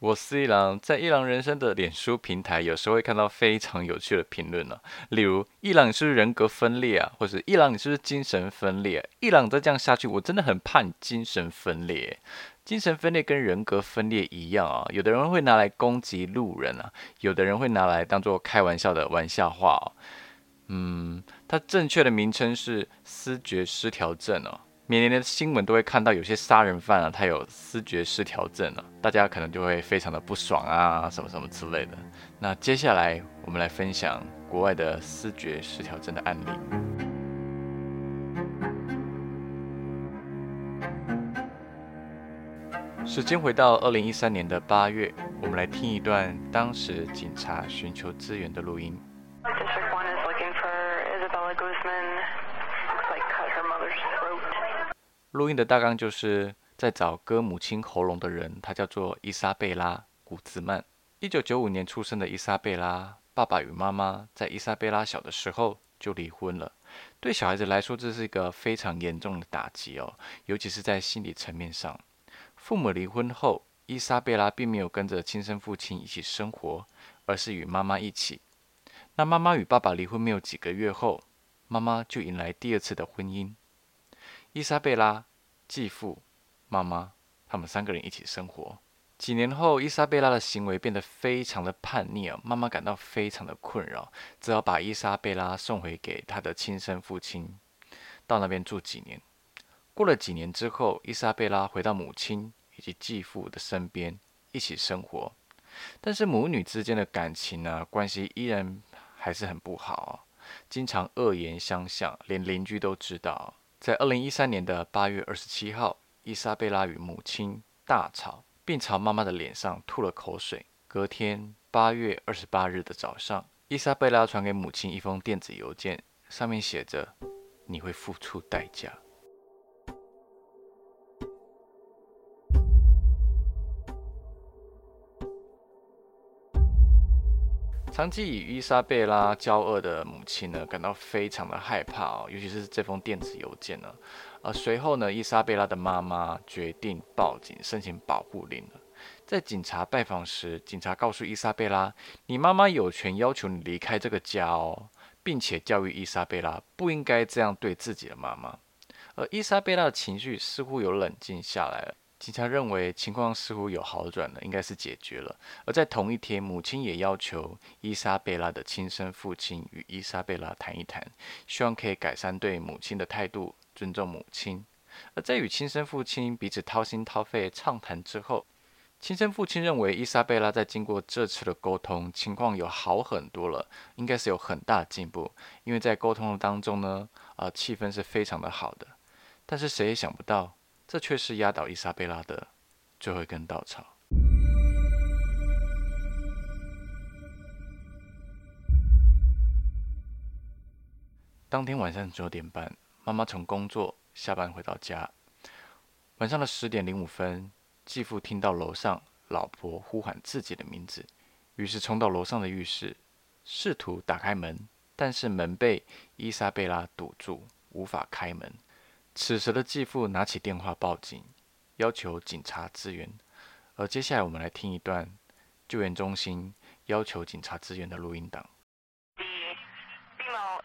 我是一郎，在一郎人生的臉書平台，有時候會看到非常有趣的評論呢。例如，一郎你是不是人格分裂啊？或者一郎你是不是精神分裂、啊？一郎再這樣下去，我真的很怕你精神分裂、欸。精神分裂跟人格分裂一樣啊，有的人會拿來攻擊路人啊，有的人會拿來當做開玩笑的玩笑話哦、啊。嗯，它正確的名稱是思覺失調症哦、啊。每年的新聞都會看到有些殺人犯啊，他有思覺失調症了、啊，大家可能就會非常的不爽啊，什麼什麼之類的。那接下來我們來分享國外的思覺失調症的案例。時間回到二零一三年的八月，我們來聽一段當時警察尋求資源的錄音。音錄音的大綱就是在找割母親喉嚨的人，她叫做伊莎貝拉·古茲曼。一九九五年出生的伊莎貝拉，爸爸與媽媽在伊莎貝拉小的時候就離婚了。對小孩子來說，這是一個非常嚴重的打擊哦，尤其是在心理層面上。父母離婚後，伊莎貝拉並沒有跟着親生父親一起生活，而是與媽媽一起。那媽媽與爸爸離婚沒有幾個月後，媽媽就迎來第二次的婚姻。伊莎貝拉、繼父、媽媽，他們三個人一起生活。幾年後，伊莎貝拉的行為變得非常的叛逆哦，媽媽感到非常的困擾，只好把伊莎貝拉送回給她的親生父親，到那邊住幾年。過了幾年之後，伊莎貝拉回到母親以及繼父的身邊一起生活，但是母女之間的感情呢、啊，關係依然還是很不好哦，經常惡言相向，連鄰居都知道。在二零一三年的八月二十七號，伊莎貝拉與母親大吵，並朝媽媽的臉上吐了口水。隔天，八月二十八日的早上，伊莎貝拉傳給母親一封電子郵件，上面寫着：“你會付出代價。”長期與伊莎貝拉交惡的母親呢，感到非常的害怕哦，尤其是這封電子郵件呢，啊。而，隨後呢，伊莎貝拉的媽媽決定報警申請保護令。在警察拜訪時，警察告訴伊莎貝拉：“你媽媽有權要求你離開這個家哦。”並且教育伊莎貝拉不應該這樣對自己的媽媽。而伊莎貝拉的情緒似乎有冷靜下來了。警察認為情況似乎有好轉了，應該是解決了。而在同一天，母親也要求伊莎貝拉的親生父親與伊莎貝拉談一談，希望可以改善對母親的態度，尊重母親。而在與親生父親彼此掏心掏肺暢談之後，親生父親認為伊莎貝拉在經過這次的溝通，情況有好很多了，應該是有很大進步。因為在溝通的當中呢，啊、呃，氣氛是非常的好的。但是誰也想不到。這卻是壓倒伊莎貝拉的最後一根稻草。當天晚上九點半，媽媽從工作下班回到家。晚上的十點零五分，繼父聽到樓上老婆呼喊自己的名字，於是衝到樓上的浴室，試圖打開門，但是門被伊莎貝拉堵住，無法開門。此時的繼父拿起電話報警，要求警察支援。而接下來，我們來聽一段救援中心要求警察支援的錄音檔。The female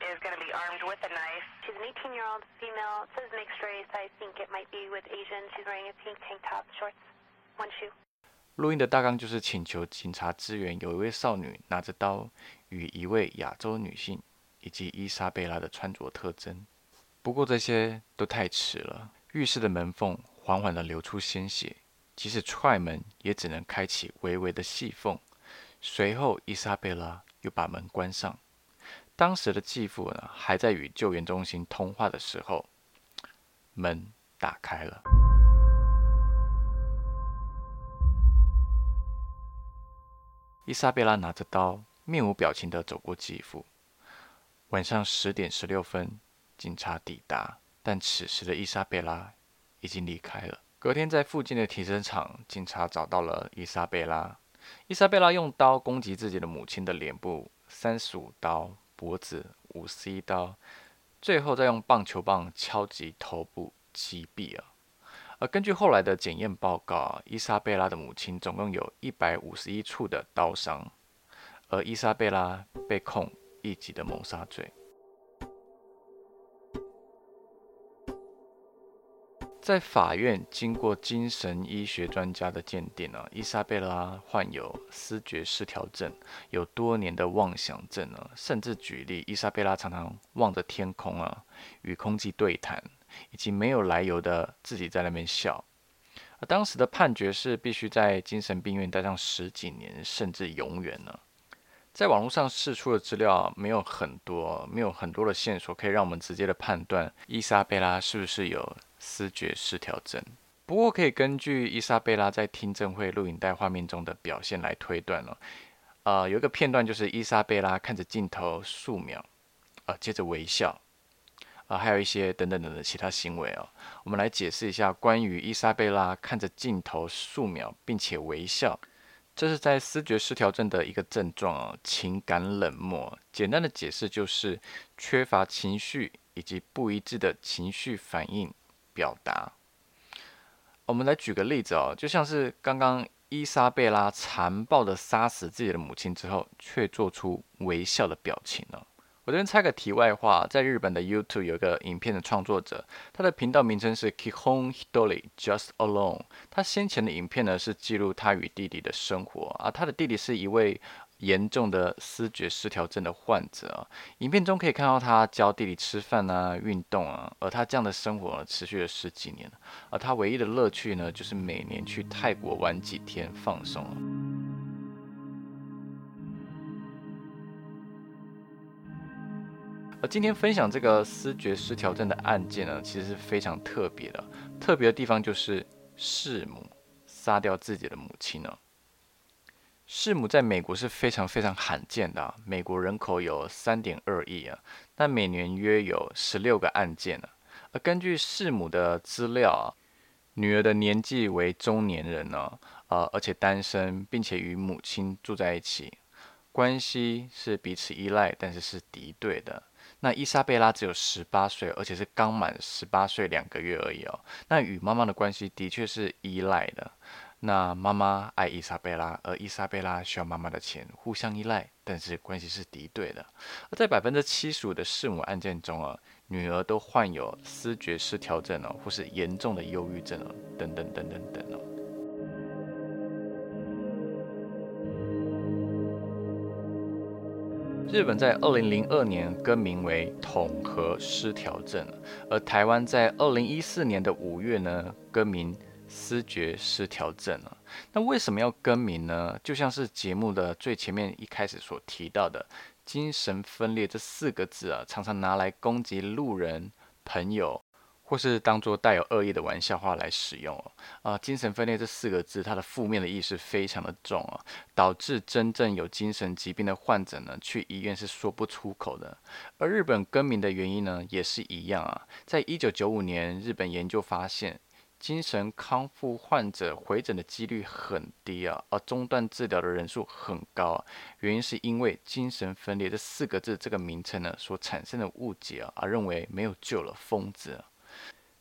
is gonna be armed with a knife. She's an 18-year-old female. This is mixed race. I think it might be with Asian. She's wearing a pink tank top, shorts, one shoe. 錄音的大綱就是請求警察支援，有一位少女拿着刀，與一位亞洲女性以及伊莎貝拉的穿着特徵。不過這些都太遲了。浴室的門縫緩緩的流出鮮血，即使踹門也只能開啟微微的細縫。隨後，伊莎貝拉又把門關上。當時的繼父呢，還在與救援中心通話的時候，門打開了。伊莎貝拉拿着刀，面無表情地走過繼父。晚上十點十六分。警察抵達，但此時的伊莎貝拉已經離開了。隔天在附近的停車場，警察找到了伊莎貝拉。伊莎貝拉用刀攻擊自己的母親的臉部三十五刀，脖子五十一刀，最後再用棒球棒敲擊頭部擊斃了。而根據後來的檢驗報告，伊莎貝拉的母親總共有一百五十一處的刀傷，而伊莎貝拉被控一級的謀殺罪。在法院經過精神醫學專家的鑑定呢、啊，伊莎貝拉患有思覺失調症，有多年的妄想症呢、啊，甚至舉例，伊莎貝拉常常望着天空啊，與空氣對談，以及沒有來由的自己在那邊笑。而當時的判決是必須在精神病院待上十幾年，甚至永遠呢、啊。在網絡上釋出的資料沒有很多，沒有很多的線索可以讓我們直接的判斷伊莎貝拉是不是有思覺失調症。不過可以根據伊莎貝拉在聽證會錄影帶畫面中的表現來推斷了、哦。呃，有一個片段就是伊莎貝拉看着鏡頭數秒，呃，接着微笑，啊、呃，還有一些等等等的其他行為哦。我們來解釋一下關於伊莎貝拉看着鏡頭數秒並且微笑。這是在思覺失調症的一個症狀哦，情感冷漠。簡單的解釋就是缺乏情緒以及不一致的情緒反應表達。我們來舉個例子哦，就像是剛剛伊莎貝拉殘暴地殺死自己的母親之後，卻做出微笑的表情呢。我這邊插個題外話，在日本的 YouTube 有一個影片的創作者他的頻道名稱是 Kihon Hitori Just Alone。他先前的影片呢是記錄他與弟弟的生活而、啊、他的弟弟是一位嚴重的思覺失調症的患者、啊、影片中可以看到他教弟弟吃飯啊運動啊，而他這樣的生活持續了十幾年，而、啊、他唯一的樂趣呢就是每年去泰國玩幾天放鬆而今天分享這個思覺失調症的案件呢，其實是非常特別的。特別的地方就是弒母，殺掉自己的母親呢、哦。弒母在美國是非常非常罕見的、啊。美國人口有三點二億啊，但每年約有十六個案件呢、啊。而根據弒母的資料啊，女兒的年紀為中年人呢、啊，呃，而且單身，並且與母親住在一起，關係是彼此依賴，但是是敵對的。那伊莎貝拉只有十八歲，而且是剛滿十八歲兩個月而已哦。那與媽媽的關係的確是依賴的。那媽媽愛伊莎貝拉，而伊莎貝拉需要媽媽的錢，互相依賴，但是關係是敵對的。而在百分之七十五的弒母案件中啊，哦，女兒都患有思覺失調症哦，或是嚴重的憂鬱症哦，等等等等等，等哦。日本在二零零二年更名為統合失調症，而台灣在二零一四年的五月呢，更名思覺失調症。那為什麼要更名呢？就像是節目的最前面一開始所提到的，精神分裂這四個字啊，常常拿來攻擊路人、朋友，或是當作帶有惡意的玩笑話來使用啊，哦呃，精神分裂這四個字，它的負面的意識非常的重啊，導致真正有精神疾病的患者呢，去醫院是說不出口的。而日本更名的原因呢，也是一樣啊，在一九九五年，日本研究發現，精神康復患者回診的幾率很低啊，而中斷治療的人數很高，啊，原因是因為精神分裂這四個字這個名稱呢所產生的誤解啊，而認為沒有救了瘋子。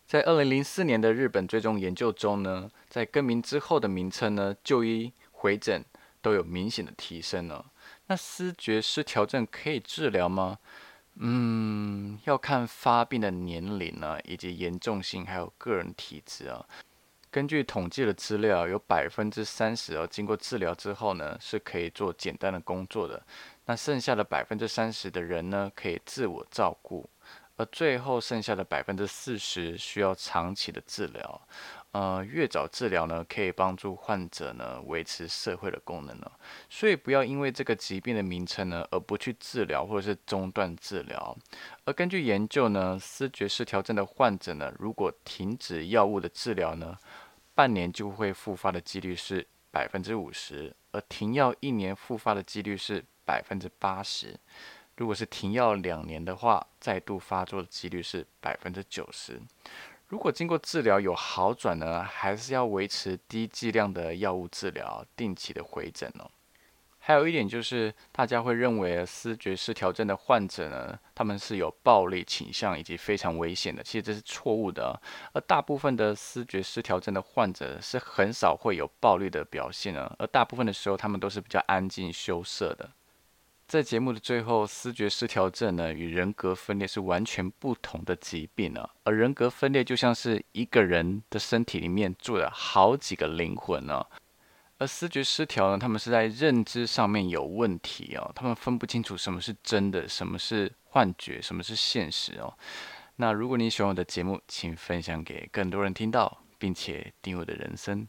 在二零零四年的日本追蹤研究中呢，在更名之後的名稱呢，就醫回診都有明顯的提升哦。那思覺失調症可以治療嗎？嗯，要看發病的年齡呢、啊，以及嚴重性，還有個人體質啊。根據統計的資料，有百分之三十啊。經過治療之後呢，是可以做簡單的工作的。那剩下的百分之三十的人呢，可以自我照顧。而最後剩下的百分之四十需要長期的治療，呃，越早治療呢，可以幫助患者呢維持社會的功能呢，所以不要因為這個疾病的名稱呢，而不去治療或者是中斷治療。而根據研究呢，思覺失調症的患者呢，如果停止藥物的治療呢，半年就會復發的幾率是百分之五十，而停藥一年復發的幾率是百分之八十。如果是停藥兩年的話，再度發作的幾率是百分之九十。如果經過治療有好轉呢，還是要維持低劑量的藥物治療，定期的回診哦。還有一點就是，大家會認為思覺失調症的患者呢，他們是有暴力傾向以及非常危險的，其實這是錯誤的哦。而大部分的思覺失調症的患者是很少會有暴力的表現呢哦，而大部分的時候他們都是比較安靜羞澀的。在節目的最後，思覺失調症呢，與人格分裂是完全不同的疾病啊，而人格分裂就像是一個人的身體裡面住了好幾個靈魂呢啊。而思覺失調呢，他們是在認知上面有問題哦啊，他們分不清楚什麼是真的，什麼是幻覺，什麼是現實哦啊。那如果你喜歡我的節目，請分享給更多人聽到，並且訂閱我的人生。